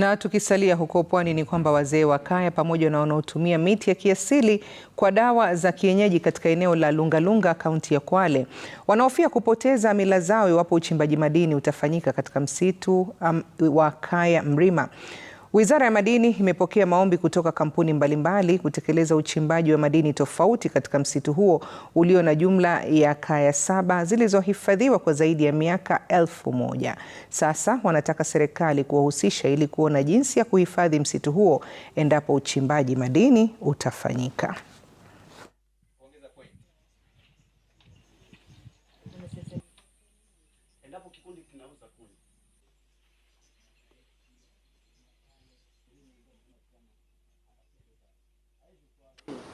Na tukisalia huko pwani ni kwamba wazee wa kaya pamoja na wanaotumia miti ya kiasili kwa dawa za kienyeji katika eneo la Lungalunga kaunti ya Kwale wanahofia kupoteza mila zao iwapo uchimbaji madini utafanyika katika msitu um, wa Kaya Mrima. Wizara ya Madini imepokea maombi kutoka kampuni mbalimbali kutekeleza uchimbaji wa madini tofauti katika msitu huo ulio na jumla ya kaya saba zilizohifadhiwa kwa zaidi ya miaka elfu moja. Sasa wanataka serikali kuwahusisha ili kuona jinsi ya kuhifadhi msitu huo endapo uchimbaji madini utafanyika.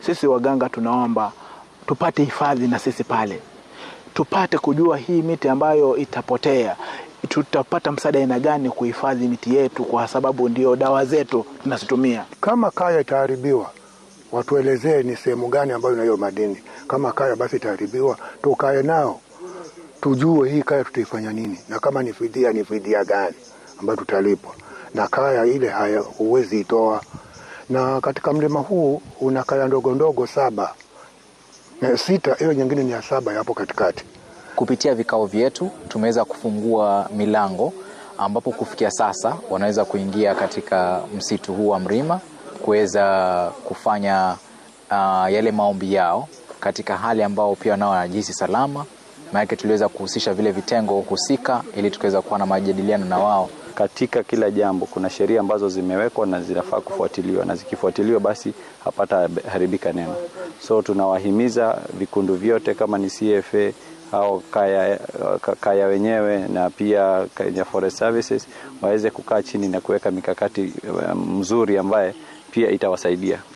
sisi waganga tunaomba tupate hifadhi na sisi pale, tupate kujua hii miti ambayo itapotea tutapata msaada aina gani kuhifadhi miti yetu, kwa sababu ndio dawa zetu tunazitumia. Kama kaya itaharibiwa, watuelezee ni sehemu gani ambayo inayo madini. Kama kaya basi itaharibiwa, tukae nao tujue hii kaya tutaifanya nini, na kama ni fidia, ni fidia gani ambayo tutalipwa, na kaya ile haya huwezi itoa na katika mlima huu una kaya ndogo ndogo saba na eh, sita, hiyo nyingine ni ya saba hapo katikati. Kupitia vikao vyetu tumeweza kufungua milango ambapo kufikia sasa wanaweza kuingia katika msitu huu wa Mrima kuweza kufanya uh, yale maombi yao katika hali ambao pia nao wanajihisi salama, maanake tuliweza kuhusisha vile vitengo husika ili tukaweza kuwa na majadiliano na wao katika kila jambo kuna sheria ambazo zimewekwa na zinafaa kufuatiliwa, na zikifuatiliwa basi hapata haribika neno. So tunawahimiza vikundi vyote kama ni CFA au kaya, kaya wenyewe na pia Kenya Forest Services waweze kukaa chini na kuweka mikakati eh, mzuri ambaye pia itawasaidia.